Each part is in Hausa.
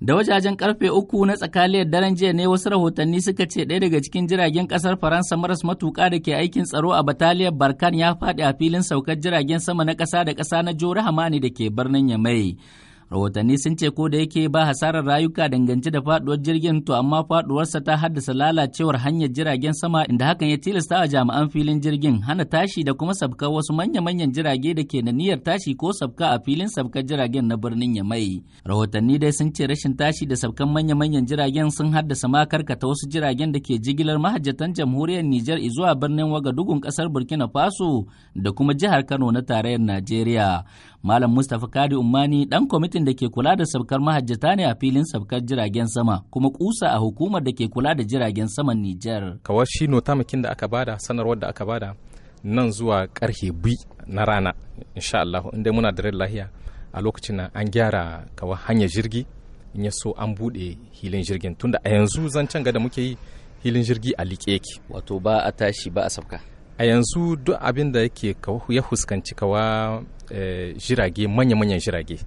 Da wajajen karfe uku na tsakaliyar daren jiya ne wasu rahotanni suka ce ɗaya daga cikin jiragen ƙasar Faransa maras matuƙa da ke aikin tsaro a bataliyar Barkan ya faɗi a filin saukar jiragen sama na ƙasa da ƙasa na Jori da ke birnin Yamai. rahotanni sun ce ko da yake ba hasarar rayuka dangance da faduwar jirgin to amma faduwarsa ta haddasa lalacewar hanyar jiragen sama inda hakan ya tilasta wa jami'an filin jirgin hana tashi da kuma sabka wasu manya-manyan jirage da ke da niyyar tashi ko sabka a filin sabkar jiragen na birnin yamai rahotanni dai sun ce rashin tashi da sabkan manya-manyan jiragen sun haddasa ma karkata wasu jiragen da ke jigilar mahajjatan jamhuriyar Nijar zuwa birnin Wagadugun kasar Burkina Faso da kuma jihar Kano na tarayyar Najeriya Malam Mustapha Kadi Ummani ɗan kwamitin da ke kula da sabkar mahajjata ne a filin sabkar jiragen sama kuma kusa a hukumar da ke kula da jiragen saman Nijar. Kawar shi notamakin da aka bada sanarwar da aka bada nan zuwa karhe bi na rana insha Allah inda muna da lahiya a lokacin na an gyara kawar hanyar jirgi in ya so an bude hilin jirgin tunda a yanzu zancen ga da muke yi hilin jirgi a liƙe yake. Wato ba a tashi ba a sabka. a yanzu duk abin da yake ya fuskanci kawa eh, jirage manya-manyan jirage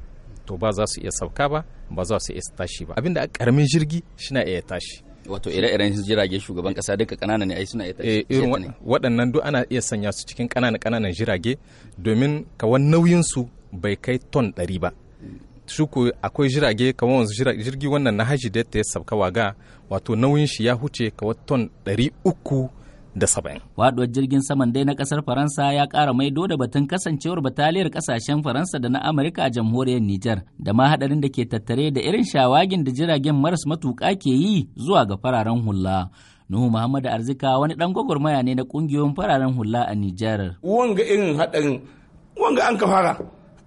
to ba za su iya sauka ba ba za su iya tashi ba abin da karamin jirgi shina iya tashi wato ire-iren jirage shugaban kasa duka kanana ne ai suna iya tashi eh, irin waɗannan duk ana iya sanya su cikin kanana kananan jirage domin kawan nauyin su bai kai ton ɗari ba shuku akwai jirage kamar wanzu jirgi wannan na haji da ya sauka waga wato nauyin shi ya huce kawai ton ɗari uku da saba'in. Faduwar jirgin saman dai na kasar Faransa ya ƙara maido da batun kasancewar bataliyar kasashen Faransa da na Amurka a jamhuriyar Nijar da ma haɗarin da ke tattare da irin shawagin da jiragen maras matuƙa ke yi zuwa ga fararen hula. Nuhu Muhammadu Arzika wani ɗan gwagwarmaya ne na ƙungiyoyin fararen hula a Nijar. Wanga irin haɗarin wanga an ka fara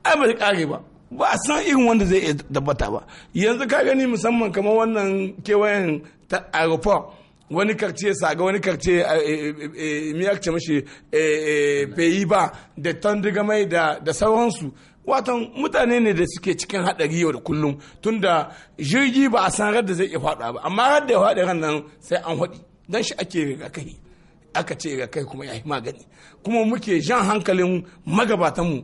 ai ba ba ba a san irin wanda zai iya tabbata ba yanzu ka gani musamman kamar wannan kewayen ta aeroport wani karce saga wani karce miyar yake eh, eh, eh, mashi peyi ba da mai da sauransu watan mutane ne da suke cikin haɗari yau da kullum tunda jirgi ba a san da zai iya faɗa ba amma har da ya faɗi ran nan sai an haɗi don shi ake rigakafi aka ce rigakafi kuma ya yi magani kuma muke jan hankalin magabatanmu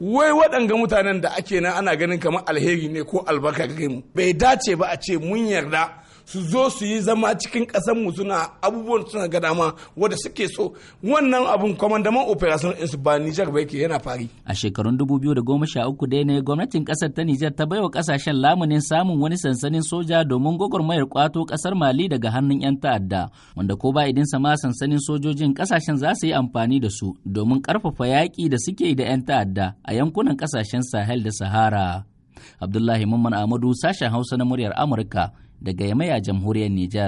wai waɗanga mutanen da ake nan ana ganin kamar alheri ne ko albarka ga mu bai dace ba a ce mun yarda su zo su yi zama cikin ƙasar mu suna abubuwan suna ga dama wanda suke so wannan abun kwamandaman operation in su ba Nijar ba yake yana fari a shekarun 2013 dai ne gwamnatin ƙasar ta Nijar ta baiwa ƙasashen lamunin samun wani sansanin soja domin gwagwarmayar kwato ƙasar Mali daga hannun 'yan ta'adda wanda ko ba idin sama sansanin sojojin ƙasashen za su yi amfani da su domin ƙarfafa yaƙi da suke da 'yan ta'adda a yankunan ƙasashen Sahel da Sahara Abdullahi Mamman Amadu sashen Hausa na muryar Amurka daga yamaya jamhuriyar Nijar.